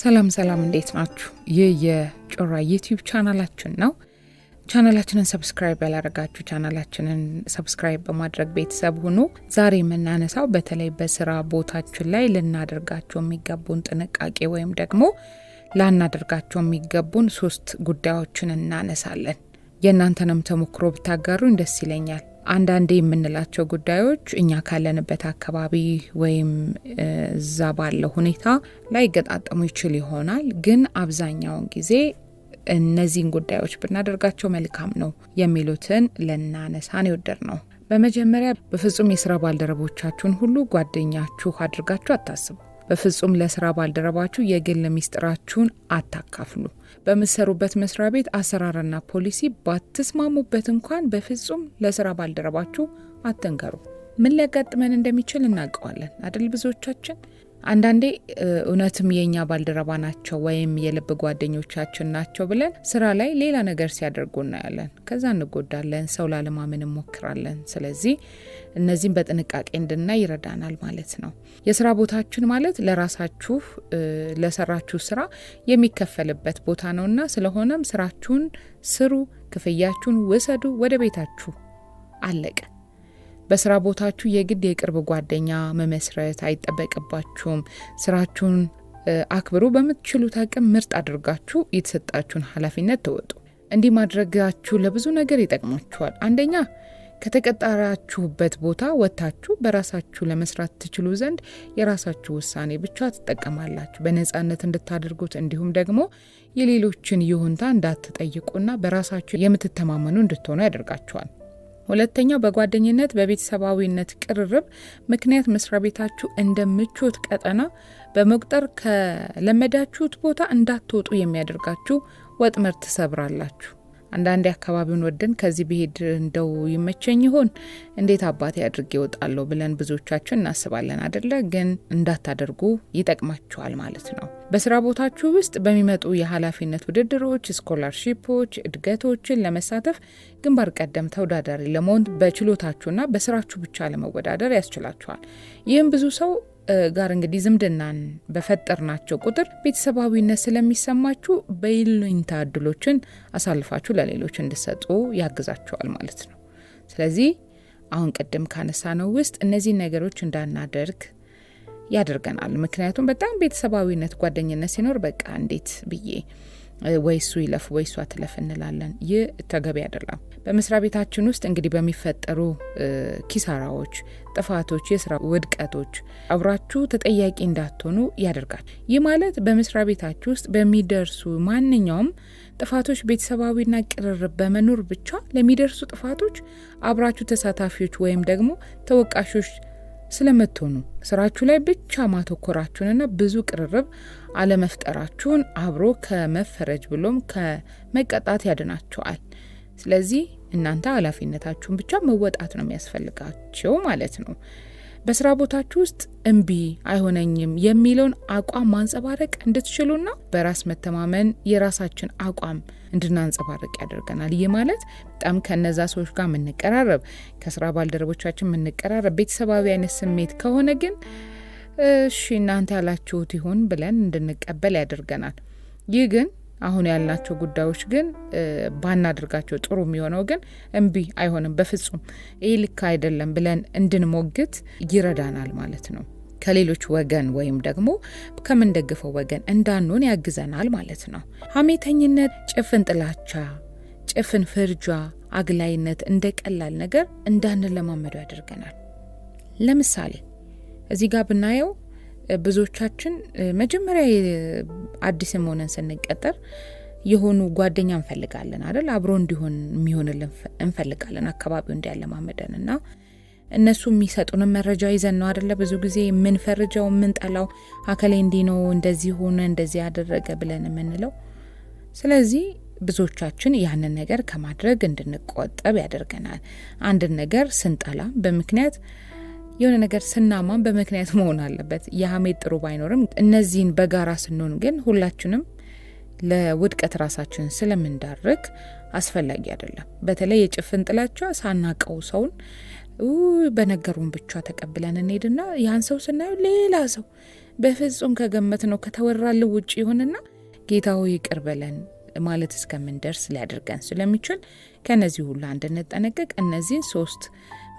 ሰላም ሰላም፣ እንዴት ናችሁ? ይህ የጮራ ዩቲዩብ ቻናላችን ነው። ቻናላችንን ሰብስክራይብ ያላረጋችሁ ቻናላችንን ሰብስክራይብ በማድረግ ቤተሰብ ሁኑ። ዛሬ የምናነሳው በተለይ በስራ ቦታችን ላይ ልናደርጋቸው የሚገቡን ጥንቃቄ ወይም ደግሞ ላናደርጋቸው የሚገቡን ሶስት ጉዳዮችን እናነሳለን። የእናንተንም ተሞክሮ ብታጋሩኝ ደስ ይለኛል። አንዳንዴ የምንላቸው ጉዳዮች እኛ ካለንበት አካባቢ ወይም እዛ ባለው ሁኔታ ላይገጣጠሙ ይችል ይሆናል። ግን አብዛኛውን ጊዜ እነዚህን ጉዳዮች ብናደርጋቸው መልካም ነው የሚሉትን ልናነሳን የወደድ ነው። በመጀመሪያ በፍጹም የስራ ባልደረቦቻችሁን ሁሉ ጓደኛችሁ አድርጋችሁ አታስቡ። በፍጹም ለስራ ባልደረባችሁ የግል ሚስጥራችሁን አታካፍሉ። በምትሰሩበት መስሪያ ቤት አሰራርና ፖሊሲ ባትስማሙበት እንኳን በፍጹም ለስራ ባልደረባችሁ አትንገሩ። ምን ሊያጋጥመን እንደሚችል እናውቀዋለን አደል ብዙዎቻችን አንዳንዴ እውነትም የእኛ ባልደረባ ናቸው ወይም የልብ ጓደኞቻችን ናቸው ብለን ስራ ላይ ሌላ ነገር ሲያደርጉ እናያለን። ከዛ እንጎዳለን፣ ሰው ላለማመን እንሞክራለን። ስለዚህ እነዚህም በጥንቃቄ እንድናይ ይረዳናል ማለት ነው። የስራ ቦታችን ማለት ለራሳችሁ ለሰራችሁ ስራ የሚከፈልበት ቦታ ነውና፣ ስለሆነም ስራችሁን ስሩ፣ ክፍያችሁን ውሰዱ፣ ወደ ቤታችሁ አለቀ። በስራ ቦታችሁ የግድ የቅርብ ጓደኛ መመስረት አይጠበቅባችሁም። ስራችሁን አክብሩ። በምትችሉት አቅም ምርጥ አድርጋችሁ የተሰጣችሁን ኃላፊነት ተወጡ። እንዲህ ማድረጋችሁ ለብዙ ነገር ይጠቅማችኋል። አንደኛ ከተቀጠራችሁበት ቦታ ወጥታችሁ በራሳችሁ ለመስራት ትችሉ ዘንድ የራሳችሁ ውሳኔ ብቻ ትጠቀማላችሁ። በነፃነት እንድታደርጉት እንዲሁም ደግሞ የሌሎችን ይሁንታ እንዳትጠይቁና በራሳችሁ የምትተማመኑ እንድትሆኑ ያደርጋችኋል። ሁለተኛው በጓደኝነት በቤተሰባዊነት ቅርርብ ምክንያት መስሪያ ቤታችሁ እንደ ምቾት ቀጠና በመቁጠር ከለመዳችሁት ቦታ እንዳትወጡ የሚያደርጋችሁ ወጥመድ ትሰብራላችሁ። አንዳንዴ አካባቢውን ወደን ከዚህ ብሄድ እንደው ይመቸኝ ይሆን እንዴት አባቴ አድርጌ ይወጣለሁ ብለን ብዙዎቻችን እናስባለን አደለ? ግን እንዳታደርጉ ይጠቅማችኋል ማለት ነው። በስራ ቦታችሁ ውስጥ በሚመጡ የኃላፊነት ውድድሮች፣ ስኮላርሺፖች፣ እድገቶችን ለመሳተፍ ግንባር ቀደም ተወዳዳሪ ለመሆን በችሎታችሁና በስራችሁ ብቻ ለመወዳደር ያስችላችኋል። ይህም ብዙ ሰው ጋር እንግዲህ ዝምድናን በፈጠርናቸው ቁጥር ቤተሰባዊነት ስለሚሰማችሁ በይሉኝታ እድሎችን አሳልፋችሁ ለሌሎች እንድሰጡ ያግዛችኋል ማለት ነው። ስለዚህ አሁን ቅድም ካነሳነው ውስጥ እነዚህ ነገሮች እንዳናደርግ ያደርገናል። ምክንያቱም በጣም ቤተሰባዊነት ጓደኝነት ሲኖር በቃ እንዴት ብዬ ወይሱ ይለፍ ወይሱ ትለፍ እንላለን። ይህ ተገቢ አይደለም። በመስሪያ ቤታችን ውስጥ እንግዲህ በሚፈጠሩ ኪሳራዎች፣ ጥፋቶች፣ የስራ ውድቀቶች አብራችሁ ተጠያቂ እንዳትሆኑ ያደርጋል። ይህ ማለት በመስሪያ ቤታችሁ ውስጥ በሚደርሱ ማንኛውም ጥፋቶች ቤተሰባዊና ቅርርብ በመኖር ብቻ ለሚደርሱ ጥፋቶች አብራችሁ ተሳታፊዎች ወይም ደግሞ ተወቃሾች ስለምትሆኑ ስራችሁ ላይ ብቻ ማተኮራችሁንና ብዙ ቅርርብ አለመፍጠራችሁን አብሮ ከመፈረጅ ብሎም ከመቀጣት ያድናችኋል። ስለዚህ እናንተ ኃላፊነታችሁን ብቻ መወጣት ነው የሚያስፈልጋቸው ማለት ነው። በስራ ቦታችሁ ውስጥ እምቢ አይሆነኝም የሚለውን አቋም ማንጸባረቅ እንድትችሉና በራስ መተማመን የራሳችን አቋም እንድናንጸባረቅ ያደርገናል። ይህ ማለት በጣም ከነዛ ሰዎች ጋር የምንቀራረብ ከስራ ባልደረቦቻችን የምንቀራረብ ቤተሰባዊ አይነት ስሜት ከሆነ ግን እሺ እናንተ ያላችሁት ይሁን ብለን እንድንቀበል ያደርገናል። ይህ ግን አሁን ያልናቸው ጉዳዮች ግን ባናደርጋቸው ጥሩ የሚሆነው ግን እምቢ አይሆንም፣ በፍጹም ይህ ልክ አይደለም ብለን እንድንሞግት ይረዳናል ማለት ነው። ከሌሎች ወገን ወይም ደግሞ ከምንደግፈው ወገን እንዳንሆን ያግዘናል ማለት ነው። ሀሜተኝነት፣ ጭፍን ጥላቻ፣ ጭፍን ፍርጃ፣ አግላይነት እንደ ቀላል ነገር እንዳንለማመዱ ያደርገናል። ለምሳሌ እዚህ ጋር ብናየው ብዙዎቻችን መጀመሪያ አዲስም መሆነን ስንቀጠር የሆኑ ጓደኛ እንፈልጋለን አይደል? አብሮ እንዲሆን የሚሆንልን እንፈልጋለን፣ አካባቢው እንዲያለማመደን እና እነሱ የሚሰጡን መረጃ ይዘን ነው አደለ ብዙ ጊዜ የምንፈርጀው የምንጠላው፣ አከሌ እንዲ ነው፣ እንደዚህ ሆነ፣ እንደዚህ ያደረገ ብለን የምንለው። ስለዚህ ብዙዎቻችን ያንን ነገር ከማድረግ እንድንቆጠብ ያደርገናል። አንድን ነገር ስንጠላ በምክንያት የሆነ ነገር ስናማን በምክንያት መሆን አለበት። የሀሜት ጥሩ ባይኖርም እነዚህን በጋራ ስንሆን ግን ሁላችንም ለውድቀት ራሳችን ስለምንዳርግ አስፈላጊ አይደለም። በተለይ የጭፍን ጥላቻ ሳናቀው ሰውን በነገሩን ብቻ ተቀብለን እንሄድና ያን ሰው ስናየው ሌላ ሰው በፍጹም ከገመት ነው ከተወራልን ውጭ ይሆንና ጌታ ይቅር በለን ማለት እስከምንደርስ ሊያደርገን ስለሚችል ከነዚህ ሁሉ እንድንጠነቀቅ እነዚህን ሶስት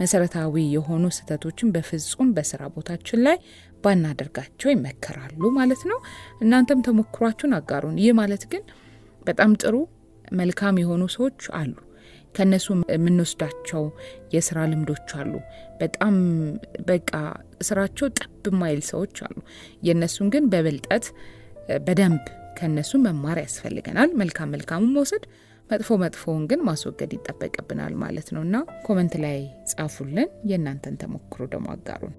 መሰረታዊ የሆኑ ስህተቶችን በፍጹም በስራ ቦታችን ላይ ባናደርጋቸው ይመከራሉ ማለት ነው። እናንተም ተሞክሯችሁን አጋሩን። ይህ ማለት ግን በጣም ጥሩ መልካም የሆኑ ሰዎች አሉ። ከነሱ የምንወስዳቸው የስራ ልምዶች አሉ። በጣም በቃ ስራቸው ጠብ ማይል ሰዎች አሉ። የእነሱን ግን በብልጠት በደንብ ከእነሱ መማር ያስፈልገናል። መልካም መልካሙን መውሰድ መጥፎ መጥፎውን ግን ማስወገድ ይጠበቅብናል ማለት ነው እና ኮመንት ላይ ጻፉልን። የእናንተን ተሞክሮ ደግሞ አጋሩን።